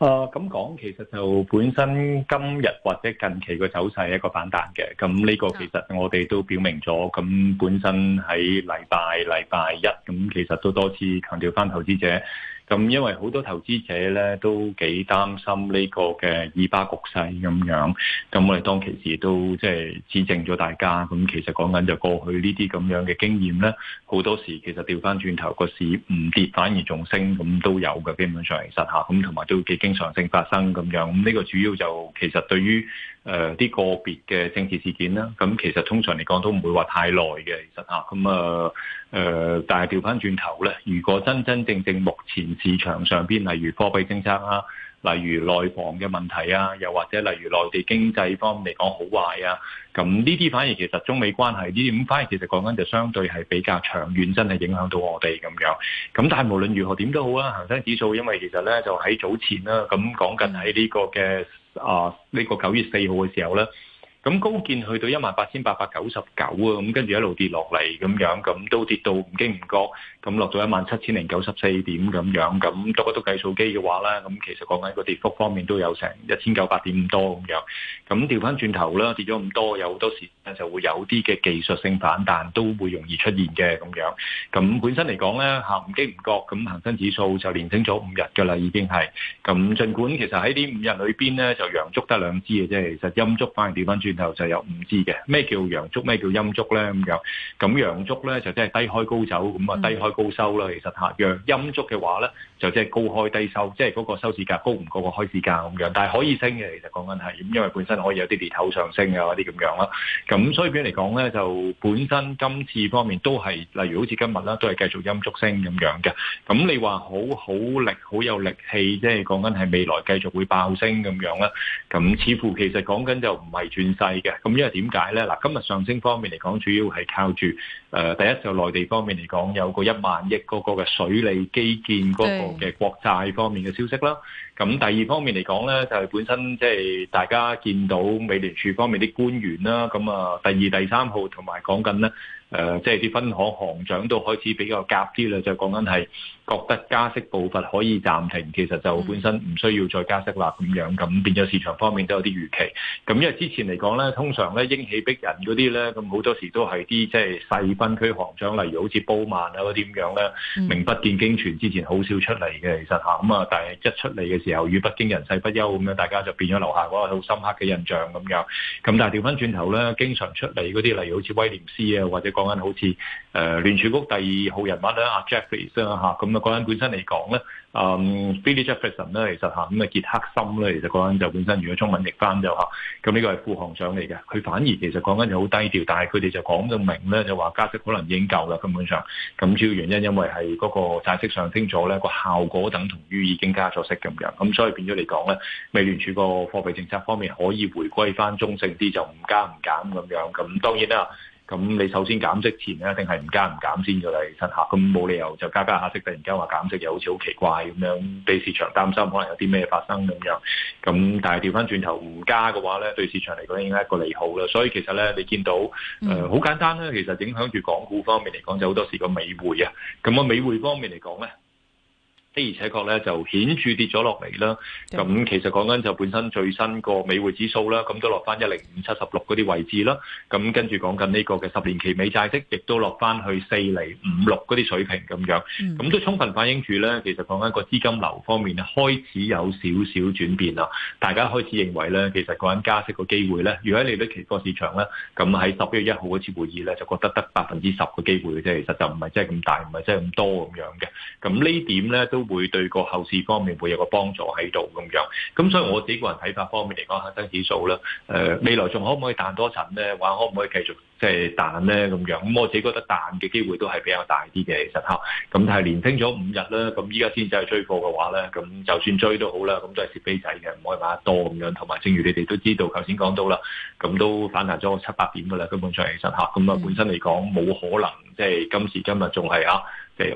啊，咁講、呃、其實就本身今日或者近期個走勢一個反彈嘅，咁呢個其實我哋都表明咗，咁本身喺禮拜禮拜日，咁其實都多次強調翻投資者。咁因為好多投資者咧都幾擔心呢個嘅二八局勢咁樣。咁我哋當其時都即係指正咗大家。咁其實講緊就過去呢啲咁樣嘅經驗咧，好多時其實調翻轉頭個市唔跌反而仲升，咁都有嘅基本上其實吓咁同埋都幾經常性發生咁樣。咁呢個主要就其實對於。誒啲、呃、個別嘅政治事件啦，咁其實通常嚟講都唔會話太耐嘅，其實吓，咁啊誒、啊啊，但係調翻轉頭咧，如果真真正正目前市場上邊，例如貨幣政策啊。例如內房嘅問題啊，又或者例如內地經濟方面嚟講好壞啊，咁呢啲反而其實中美關係呢啲咁，反而其實講緊就相對係比較長遠，真係影響到我哋咁樣。咁但係無論如何點都好啊，恒生指數因為其實咧就喺早前啦，咁講緊喺呢個嘅啊呢個九月四號嘅時候咧，咁高見去到一萬八千八百九十九啊，咁跟住一路跌落嚟咁樣，咁都跌到唔經唔覺。咁落到一萬七千零九十四點咁樣，咁多一多計數機嘅話咧，咁其實講緊個跌幅方面都有成一千九百點多咁樣，咁調翻轉頭啦，跌咗咁多，有好多時就會有啲嘅技術性反彈都會容易出現嘅咁樣。咁本身嚟講咧，行唔經唔覺咁，恒生指數就連升咗五日㗎喇，已經係。咁儘管其實喺呢五日裏邊咧，就陽燭得兩支嘅啫，其實陰燭反而調翻轉頭就有五支嘅。咩叫陽燭？咩叫陰燭咧？咁樣咁陽燭咧就真係低開高走咁啊，低開。高收啦，其實嚇若陰燭嘅話咧，就即係高開低收，即係嗰個收市價高唔過個開市價咁樣。但係可以升嘅，其實講緊係，因為本身可以有啲裂口上升啊，嗰啲咁樣啦。咁所以變嚟講咧，就本身今次方面都係，例如好似今日啦，都係繼續陰燭升咁樣嘅。咁你話好好力、好有力氣，即係講緊係未來繼續會爆升咁樣啦。咁似乎其實講緊就唔係轉勢嘅。咁因為點解咧？嗱，今日上升方面嚟講，主要係靠住誒第一就內地方面嚟講有個一。萬億嗰個嘅水利基建嗰個嘅國債方面嘅消息啦，咁第二方面嚟講咧，就係、是、本身即係大家見到美聯儲方面啲官員啦，咁啊第二第三號同埋講緊咧，誒即係啲分行行長都開始比較夾啲啦，就講緊係。覺得加息步伐可以暫停，其實就本身唔需要再加息啦。咁樣咁變咗市場方面都有啲預期。咁因為之前嚟講呢，通常呢，鷹氣逼人嗰啲呢，咁好多時都係啲即係細分區行長，例如好似鮑曼啊嗰啲咁樣呢，名不見經傳。之前好少出嚟嘅，其實吓，咁啊！但係一出嚟嘅時候，語不驚人死不休咁樣，大家就變咗留下個好深刻嘅印象咁樣。咁但係調返轉頭呢，經常出嚟嗰啲，例如好似威廉斯啊，或者講緊好似誒、呃、聯儲局第二號人物咧，阿 Jefferson 先生嚇咁啊！講緊本身嚟講咧，嗯，Billie Jefferson 咧，其實嚇咁啊，傑克森咧，其實講緊就本身如果中文譯翻就嚇，咁呢個係副行長嚟嘅。佢反而其實講緊就好低調，但係佢哋就講得明咧，就話加息可能已經夠啦，根本上咁主要原因因為係嗰個債息上升咗咧，個效果等同於已經加咗息咁樣，咁所以變咗嚟講咧，美聯儲個貨幣政策方面可以回歸翻中性啲，就唔加唔減咁樣。咁當然啦。咁你首先減息前咧，一定係唔加唔減先嘅啦，新客。咁冇理由就加加下息，突然間話減息又好似好奇怪咁樣，俾市場擔心可能有啲咩發生咁樣。咁但係調翻轉頭唔加嘅話咧，對市場嚟講應該係一個利好啦。所以其實咧，你見到誒好、呃、簡單咧，其實影響住港股方面嚟講就好、是、多時個美匯啊。咁啊，美匯方面嚟講咧。的而且確咧，就顯著跌咗落嚟啦。咁其實講緊就本身最新個美匯指數啦，咁都落翻一零五七十六嗰啲位置啦。咁跟住講緊呢個嘅十年期美債息，亦都落翻去四厘五六嗰啲水平咁樣。咁都充分反映住咧，其實講緊個資金流方面咧開始有少少轉變啦。大家開始認為咧，其實講緊加息個機會咧，如果你啲期貨市場咧，咁喺十一月一號嗰次會議咧，就覺得得百分之十個機會嘅啫。其實就唔係真係咁大，唔係真係咁多咁樣嘅。咁呢點咧都，都會對個後市方面會有個幫助喺度咁樣，咁所以我自己個人睇法方面嚟講，恒生指數咧，誒、呃、未來仲可唔可以彈多層咧？話可唔可以繼續即係彈咧？咁樣，咁我自己覺得彈嘅機會都係比較大啲嘅。實吓咁，但係連升咗五日啦，咁依家先至係追貨嘅話咧，咁就算追都好啦，咁都係蝕飛仔嘅，唔可以買得多咁樣。同埋正如你哋都知道，頭先講到啦，咁都反彈咗七八點噶啦，根本上其實吓咁啊，本身嚟講冇可能即係今時今日仲係啊。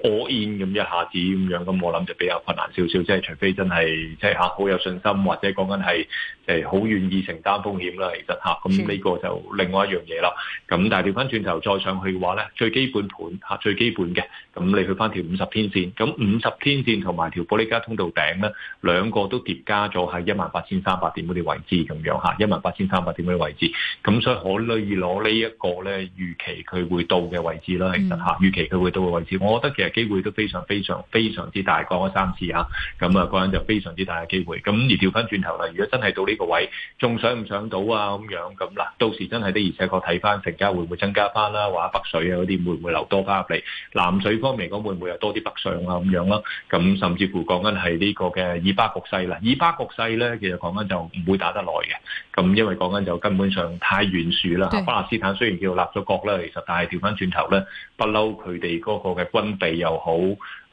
All in 咁一下子咁樣咁，我諗就比較困難少少，即係除非真係即係吓好有信心，或者講緊係誒好願意承擔風險啦。其實吓，咁呢個就另外一樣嘢啦。咁但係調翻轉頭再上去嘅話咧，最基本盤吓最基本嘅，咁你去翻條五十天線，咁五十天線同埋條保力加通道頂咧兩個都疊加咗喺一萬八千三百點嗰啲位置咁樣吓，一萬八千三百點嗰啲位置，咁所以可以攞呢一個咧預期佢會到嘅位置啦。其實吓，預期佢會到嘅位置，我覺得。其實機會都非常非常非常之大，講咗三次嚇，咁啊講緊就非常之大嘅機會。咁而調翻轉頭啦，如果真係到呢個位，仲上唔上到啊咁樣咁嗱，到時真係的，而且確睇翻成交會唔會增加翻啦？或者北水啊嗰啲會唔會流多翻入嚟？南水方面講會唔會有多啲北上啊咁樣咯？咁甚至乎講緊係呢個嘅以巴局勢啦，以巴局勢咧，其實講緊就唔會打得耐嘅。咁因為講緊就根本上太懸殊啦嚇。巴勒斯坦雖然叫立咗國啦，其實但係調翻轉頭咧，不嬲佢哋嗰個嘅軍。係又好。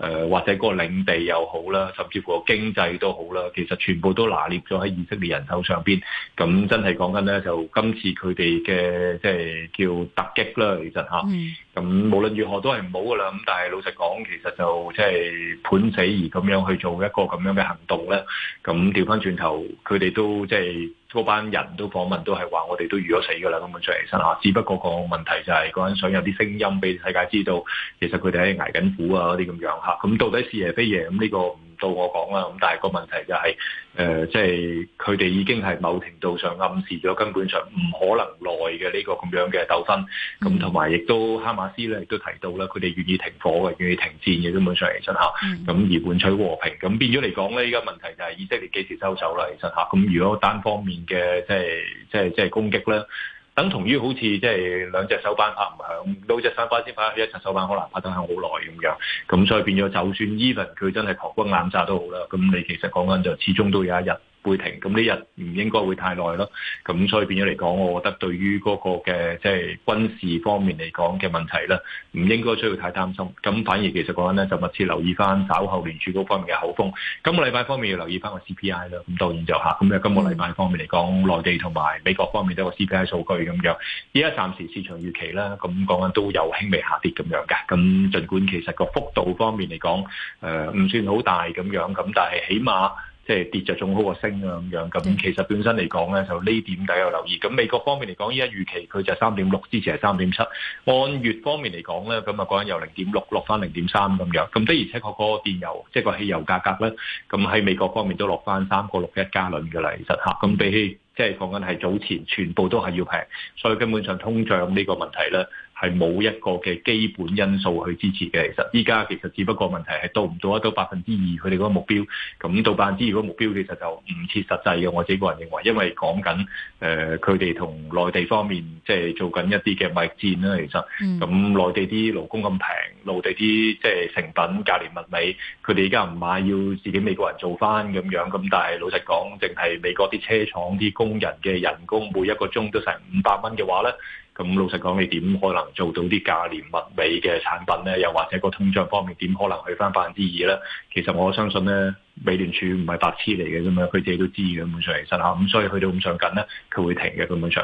誒、呃、或者嗰個領地又好啦，甚至乎經濟都好啦，其實全部都拿捏咗喺以色列人手上邊。咁真係講緊咧，就今次佢哋嘅即係叫突擊啦，其實吓，咁無論如何都係唔好噶啦。咁但係老實講，其實就即係盤死而咁樣去做一個咁樣嘅行動咧。咁調翻轉頭，佢哋都即係嗰班人都訪問都係話，我哋都預咗死噶啦，根本出嚟身嚇。只不過個問題就係個陣想有啲聲音俾世界知道，其實佢哋喺度捱緊苦啊嗰啲咁樣嚇。咁到底是耶非耶？咁呢個唔到我講啦。咁但係個問題就係、是，誒、呃，即係佢哋已經係某程度上暗示咗根本上唔可能耐嘅呢個咁樣嘅鬥爭。咁同埋亦都哈馬斯咧，亦都提到啦，佢哋願意停火嘅，願意停戰嘅，根本上嚟講吓，咁而換取和平。咁變咗嚟講咧，依家問題就係以色列幾時收手啦？其實吓，咁如果單方面嘅，就是，即係即係即係攻擊咧。等同於好似即係兩隻手板拍唔響，到、啊、隻手板先拍，一隻手板可能拍得響好耐咁樣，咁所以變咗就算伊 v 佢真係狂攻硬炸都好啦，咁你其實講緊就始終都有一日。會停，咁呢日唔應該會太耐咯，咁所以變咗嚟講，我覺得對於嗰個嘅即係軍事方面嚟講嘅問題啦，唔應該需要太擔心。咁反而其實講緊，就密切留意翻稍後聯儲嗰方面嘅口風。今個禮拜方面要留意翻個 CPI 啦，咁當然就嚇咁咧。今個禮拜方面嚟講，內地同埋美國方面都有個 CPI 數據咁樣。依家暫時市場預期啦，咁講緊都有輕微下跌咁樣嘅。咁儘管其實個幅度方面嚟講，誒、呃、唔算好大咁樣，咁但係起碼。即係跌就仲好過升啊，咁樣咁，其實本身嚟講咧，就呢點大家留意。咁美國方面嚟講，依家預期佢就三點六，之前係三點七。按月方面嚟講咧，咁啊講緊由零點六落翻零點三咁樣。咁的而且確個電油，即係個汽油價格咧，咁喺美國方面都落翻三個六一加侖嘅啦。其實吓，咁比起即係講緊係早前，全部都係要平，所以根本上通脹呢個問題咧，係冇一個嘅基本因素去支持嘅。其實依家，其實只不過問題係到唔到得到百分之二佢哋嗰個目標。咁到百分之二個目標其實就唔切實際嘅，我自己個人認為，因為講緊誒佢哋同內地方面即係做緊一啲嘅貿易戰啦。其實咁內地啲勞工咁平，內地啲即係成品價廉物美，佢哋而家唔買要自己美國人做翻咁樣。咁但係老實講，淨係美國啲車廠啲工人嘅人工每一個鐘都成五百蚊嘅話咧。咁老實講，你點可能做到啲價廉物美嘅產品咧？又或者個通脹方面點可能去翻百分之二咧？其實我相信咧，美聯儲唔係白痴嚟嘅啫嘛，佢自己都知嘅，基本上其實嚇，咁所以去到咁上緊咧，佢會停嘅個本上。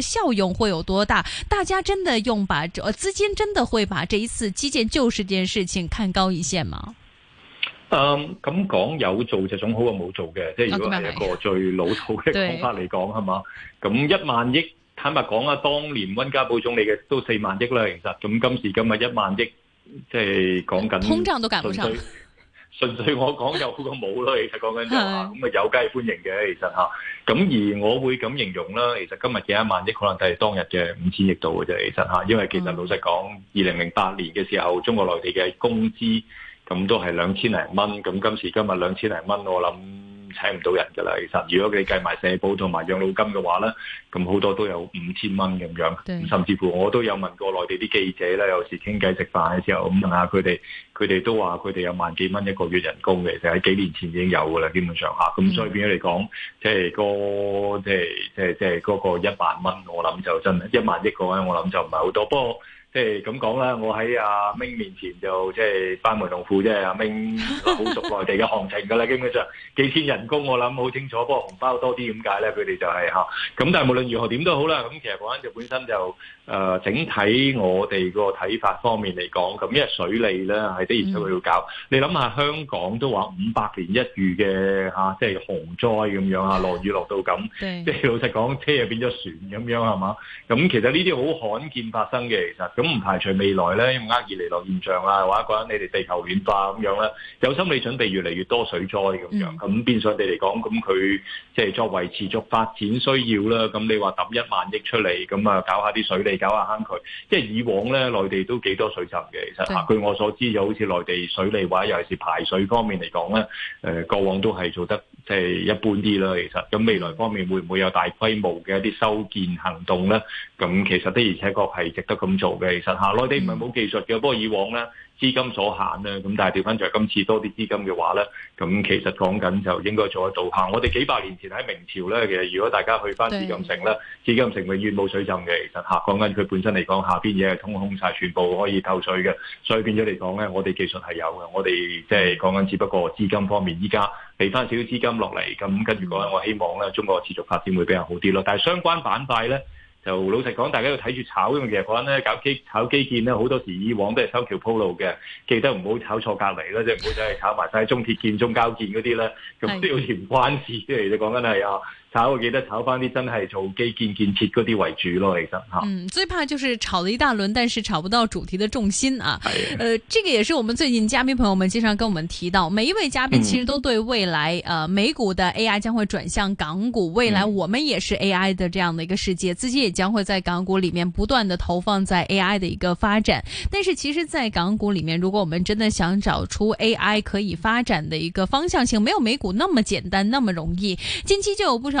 效用會有多大？大家真的用把資金真的會把這一次基建救市件事情看高一線嗎？嗯，咁講有做就總好過冇做嘅，即係如果係一個最老土嘅方法嚟講，係嘛，啊？咁一萬億坦白講啊，當年溫家寶總理嘅都四萬億啦，其實咁今時今日一萬億，即係講緊通脹都趕不上。純粹我講有個冇咯，其實講緊就啊，咁啊有梗係歡迎嘅，其實吓。咁而我會咁形容啦，其實今日嘅一萬億可能就係當日嘅五千億度嘅啫，其實吓。因為其實老實講，二零零八年嘅時候，中國內地嘅工資咁都係兩千零蚊，咁今時今日兩千零蚊，我諗。請唔到人噶啦，其實如果佢哋計埋社保同埋養老金嘅話咧，咁好多都有五千蚊咁樣，甚至乎我都有問過內地啲記者咧，有時傾偈食飯嘅時候，咁問下佢哋，佢哋都話佢哋有萬幾蚊一個月人工嘅，就喺幾年前已經有噶啦，基本上吓，咁所以變咗嚟講，即係嗰即係即係即係個一萬蚊，就是、1，我諗就真係，一萬億個咧，我諗就唔係好多，不過。即係咁講啦，我喺阿明面前就即係班門弄斧啫。阿明好熟內地嘅行情㗎啦，基本上幾千人工我諗好清楚。不過紅包多啲點解咧？佢哋就係、是、嚇。咁、啊、但係無論如何點都好啦。咁、啊、其實講緊就本身就誒、啊、整體我哋個睇法方面嚟講，咁因為水利咧係的而且確要搞。嗯、你諗下香港都話五百年一遇嘅嚇、啊，即係洪災咁樣，下下樣，對樣啊，落雨落到咁，即係老實講，車又變咗船咁樣係嘛？咁其實呢啲好罕見發生嘅其實。咁唔排除未來咧，因為厄爾尼諾現象啊，或者你哋地球暖化咁樣咧，有心理準備越嚟越多水災咁樣，咁、嗯、變相地嚟講，咁佢即係作為持續發展需要啦。咁你話揼一萬億出嚟，咁啊搞下啲水利，搞下坑渠，即係以往咧內地都幾多水浸嘅。其實，據我所知，就是好似內地水利或者尤其是排水方面嚟講咧，誒、呃、過往都係做得即係一般啲啦。其實，咁未來方面會唔會有大規模嘅一啲修建行動咧？咁其實的而且確係值得咁做嘅。其實下內地唔係冇技術嘅，不過以往咧資金所限咧，咁但係調翻轉，今次多啲資金嘅話咧，咁其實講緊就應該做得到下。我哋幾百年前喺明朝咧，其實如果大家去翻紫禁城咧，紫禁對城永遠冇水浸嘅。其實下講緊佢本身嚟講，下邊嘢係通空晒，全部可以透水嘅。所以變咗嚟講咧，我哋技術係有嘅。我哋即係講緊，只不過資金方面，依家俾翻少少資金落嚟，咁跟住講我希望咧中國持續發展會比較好啲咯。但係相關板塊咧。就老實講，大家要睇住炒，因為其嘅情況咧，搞基炒基建咧，好多時以往都係修橋鋪路嘅，記得唔好炒錯隔籬啦，即係唔好真係炒埋晒中鐵建、中交建嗰啲啦，咁都要嫌關事嘅，其實講緊係啊。炒我記得炒翻啲真係做基建建設嗰啲為主咯，其實哈，嗯，最怕就是炒了一大輪，但是炒不到主題的重心啊。 呃，誒，這個也是我們最近嘉賓朋友們經常跟我們提到，每一位嘉賓其實都對未來，誒、呃，美股的 AI 將會轉向港股，未來我們也是 AI 的這樣的一個世界，自己也將會在港股裏面不斷的投放在 AI 的一個發展。但是其實，在港股裏面，如果我們真的想找出 AI 可以發展的一個方向性，沒有美股那麼簡單那麼容易。近期就有不少。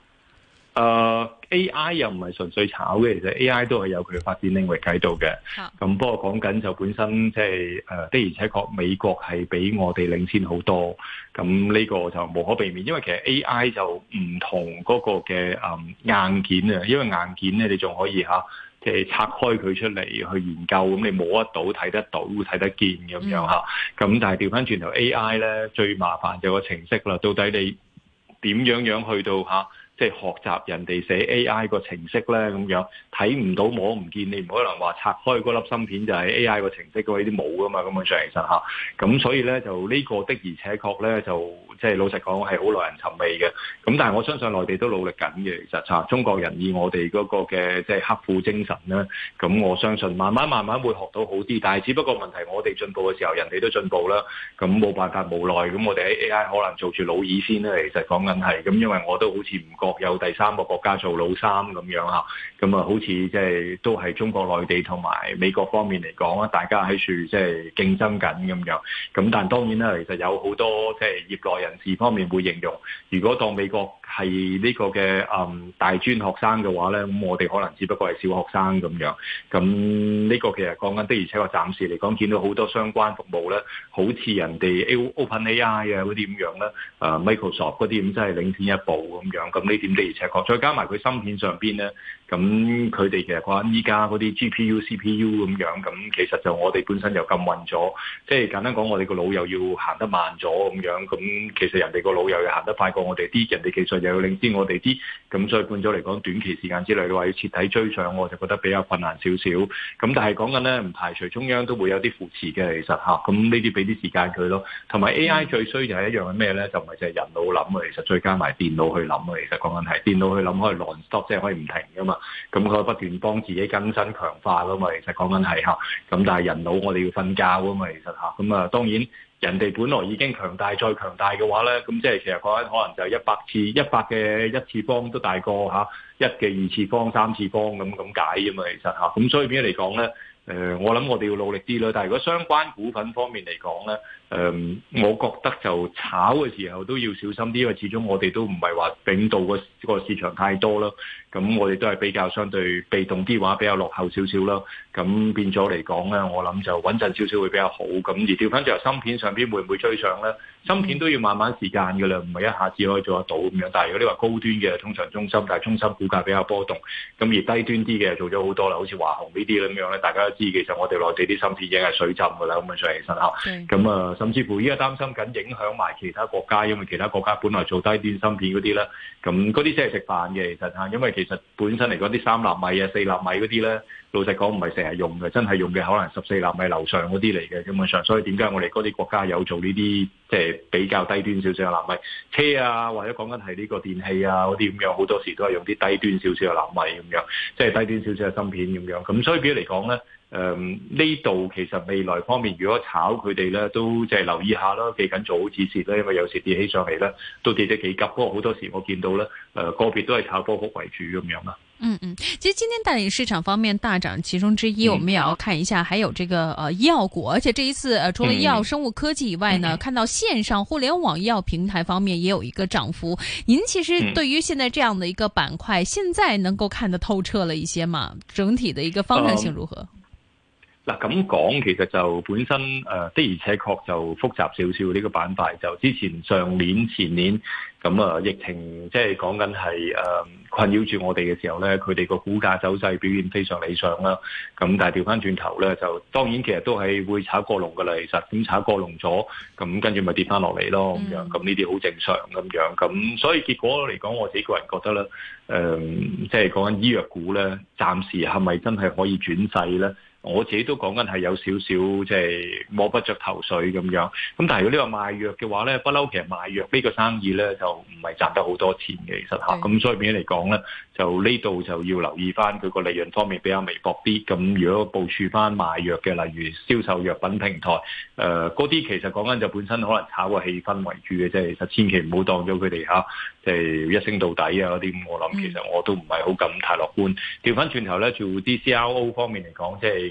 誒，A I 又唔係純粹炒嘅，其實 A I 都係有佢嘅發展領域喺度嘅。咁、oh. 不過講緊就本身即係誒，uh, 的而且確美國係比我哋領先好多。咁呢個就無可避免，因為其實 A I 就唔同嗰個嘅硬件啊，因為硬件咧你仲可以吓誒、啊、拆開佢出嚟去研究，咁、嗯、你摸得到、睇得到、睇得見咁樣吓。咁、啊 mm hmm. 但係調翻轉頭 A I 咧最麻煩就個程式啦，到底你點樣樣去到吓？啊即係學習人哋寫 AI 個程式咧，咁樣睇唔到摸唔見，你唔可能話拆開嗰粒芯片就係 AI 個程式嘅，呢啲冇噶嘛咁樣上其實吓，咁所以咧就呢個的而且確咧就即係老實講係好耐人尋味嘅。咁但係我相信內地都努力緊嘅，其實吓中國人以我哋嗰個嘅即係刻苦精神咧，咁我相信慢慢慢慢會學到好啲。但係只不過問題我哋進步嘅時候，人哋都進步啦，咁冇辦法無奈，咁我哋喺 AI 可能做住老二先啦。其實講緊係咁，因為我都好似唔覺。有第三個國家做老三咁樣啊，咁啊好似即係都係中國內地同埋美國方面嚟講啊，大家喺處即係競爭緊咁樣。咁但當然啦，其實有好多即係業內人士方面會形容，如果當美國。係呢個嘅，嗯，大專學生嘅話咧，咁我哋可能只不過係小學生咁樣。咁呢個其實講緊的而且確暫時嚟講，見到好多相關服務咧，好似人哋 A OpenAI 啊嗰啲咁樣咧，啊 Microsoft 嗰啲咁真係領先一步咁樣。咁呢點的而且確，再加埋佢芯片上邊咧。咁佢哋其實講依家嗰啲 G P U C P U 咁樣，咁其實就我哋本身又禁運咗，即係簡單講，我哋個腦又要行得慢咗咁樣，咁其實人哋個腦又要行得快過我哋啲，人哋技術又要令知我哋啲，咁所以半咗嚟講短期時間之內嘅話，要徹底追上我就覺得比較困難少少。咁但係講緊咧，唔排除中央都會有啲扶持嘅，其實吓，咁呢啲俾啲時間佢咯。同埋 A I 最衰就係一樣係咩咧？就唔係就係人腦諗啊，其實再加埋電腦去諗啊，其實個問題電腦去諗可以 l stop，即係可以唔停噶嘛。咁佢不斷幫自己更新強化噶嘛，其實講緊係吓。咁但係人腦我哋要瞓覺噶嘛，其實吓。咁啊，當然人哋本來已經強大再強大嘅話咧，咁即係其實講緊可能就一百次一百嘅一次方都大過吓、啊、一嘅二次方、三次方咁咁解噶嘛，其實吓。咁、啊、所以變咗嚟講咧，誒、呃，我諗我哋要努力啲咯。但係如果相關股份方面嚟講咧。誒、嗯，我覺得就炒嘅時候都要小心啲，因為始終我哋都唔係話頂到個個市場太多啦。咁我哋都係比較相對被動啲話，比較落後少少啦。咁變咗嚟講咧，我諗就穩陣少少會比較好。咁而調翻最後芯片上邊會唔會追上咧？芯片都要慢慢時間噶啦，唔係一下子可以做得到咁樣。但係如果你話高端嘅，通常中芯，但係中芯股價比較波動。咁而低端啲嘅做咗好多啦，好似華虹呢啲咁樣咧，大家都知其實我哋內地啲芯片已經係水浸噶啦，咁樣上嚟身嚇。咁啊是～、嗯甚至乎依家擔心緊影響埋其他國家，因為其他國家本來做低端芯片嗰啲咧，咁嗰啲即係食飯嘅其實嚇，因為其實本身嚟講啲三納米啊、四納米嗰啲咧，老實講唔係成日用嘅，真係用嘅可能十四納米樓上嗰啲嚟嘅基本上，所以點解我哋嗰啲國家有做呢啲即係比較低端少少嘅納米車啊，或者講緊係呢個電器啊嗰啲咁樣，好多時都係用啲低端少少嘅納米咁、就是、樣，即係低端少少嘅芯片咁樣，咁所以嚟講咧。誒，呢度其實未來方面，如果炒佢哋呢，都即係留意下咯，記緊做好止蝕啦，因為有時跌起上嚟啦，都跌得幾急。不過好多時我見到呢誒個別都係炒波幅為主咁樣啊。嗯嗯，其實今天帶領市場方面大漲，其中之一，我們也要看一下，還有這個誒醫藥股，而且這一次誒除了醫藥生物科技以外呢，看到線上互聯網醫藥平台方面也有一個漲幅。您其實對於現在這樣的一個板塊，現在能夠看得透徹了一些嘛？整體的一個方向性如何？嗱咁講，其實就本身誒、呃、的而且確就複雜少少呢個板塊。就之前上年前年咁啊，疫情即係、就是、講緊係誒困擾住我哋嘅時候咧，佢哋個股價走勢表現非常理想啦。咁但係調翻轉頭咧，就當然其實都係會炒過龍嘅啦。其實點炒過龍咗，咁跟住咪跌翻落嚟咯咁樣。咁呢啲好正常咁樣。咁所以結果嚟講，我自己個人覺得咧，誒即係講緊醫藥股咧，暫時係咪真係可以轉勢咧？我自己都講緊係有少少即係摸不着頭緒咁樣，咁但係如果呢個賣藥嘅話咧，不嬲其實賣藥呢個生意咧就唔係賺得好多錢嘅，其實吓，咁是所以點樣嚟講咧，就呢度就要留意翻佢個利潤方面比較微薄啲。咁如果部署翻賣藥嘅，例如銷售藥品平台，誒嗰啲其實講緊就本身可能炒個氣氛為主嘅，即係其實千祈唔好當咗佢哋吓，即、就、係、是、一升到底啊嗰啲。咁我諗其實我都唔係好咁太樂觀。調翻轉頭咧，做啲 CRO 方面嚟講，即係。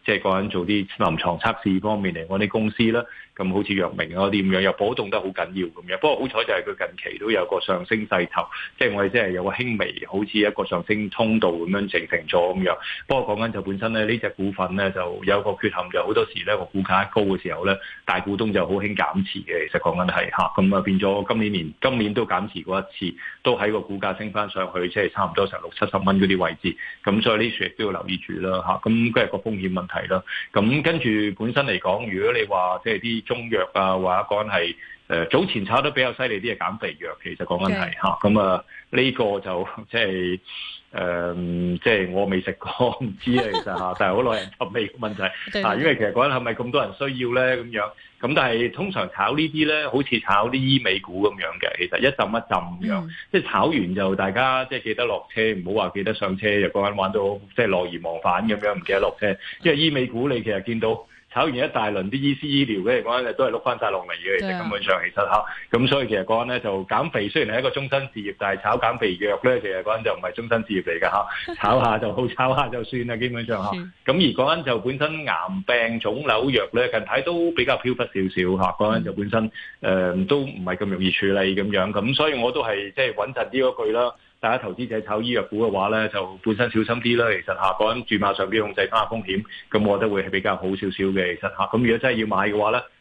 即係講緊做啲臨床測試方面嚟，我啲公司啦，咁好似藥明啊啲咁樣，又波動得好緊要咁樣。不過好彩就係佢近期都有個上升勢頭，即係我哋即係有個輕微，好似一個上升通道咁樣形成咗咁樣。不過講緊就本身咧，呢隻股份咧就有個缺陷，就好多時咧個股價高嘅時候咧，大股東就好興減持嘅。其實講緊係吓咁啊變咗今年年今年都減持過一次，都喺個股價升翻上去，即係差唔多成六七十蚊嗰啲位置。咁所以呢亦都要留意住啦吓，咁今日個風險問題。係咯，咁，嗯，跟住本身嚟講，如果你話即係啲中藥啊，或者係。誒、呃、早前炒得比較犀利啲嘅減肥藥，其實個問題嚇，咁 Okay. 啊呢、嗯這個就即係誒，即係我未食過唔 知啊，其實嚇，但係好耐人尋味嘅問題 對對對、啊、因為其實嗰陣係咪咁多人需要咧咁樣？咁但係通常炒呢啲咧，好似炒啲醫美股咁樣嘅，其實一浸一浸咁樣，嗯、即係炒完就大家即係記得落車，唔好話記得上車，又嗰陣玩到即係樂而忘返咁樣，唔記得落車，因為醫美股你其實見到。炒完一大輪啲醫師醫療嘅嘢，講都係碌翻晒落嚟嘅，其實根本上其實嚇，咁、啊、所以其實講緊咧就減肥雖然係一個終身事業，但係炒減肥嘅藥咧，其實講緊就唔係終身事業嚟噶吓， 炒下就好，炒下就算啦，基本上嚇。咁、 嗯、而講緊就本身癌病腫瘤藥咧近排都比較飄忽少少嚇，講緊就本身誒、呃、都唔係咁容易處理咁樣，咁所以我都係即係穩陣啲嗰句啦。大家投資者炒醫藥股嘅話咧，就本身小心啲啦。其實下我諗主板上邊控制翻下風險，咁我覺得會係比較好少少嘅。其實嚇，咁如果真係要買嘅話咧。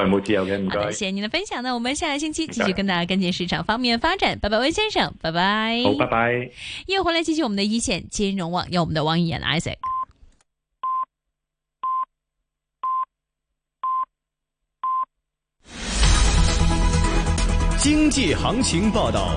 係冇自由嘅，唔該。謝謝您的，的分享，呢，我們下個星期繼續謝謝跟大家跟進市場方面發展。拜拜，溫先生，拜拜。好，拜拜。又回嚟繼續我們的一線金融網，有我們的王一言 Isaac。經濟行情報道。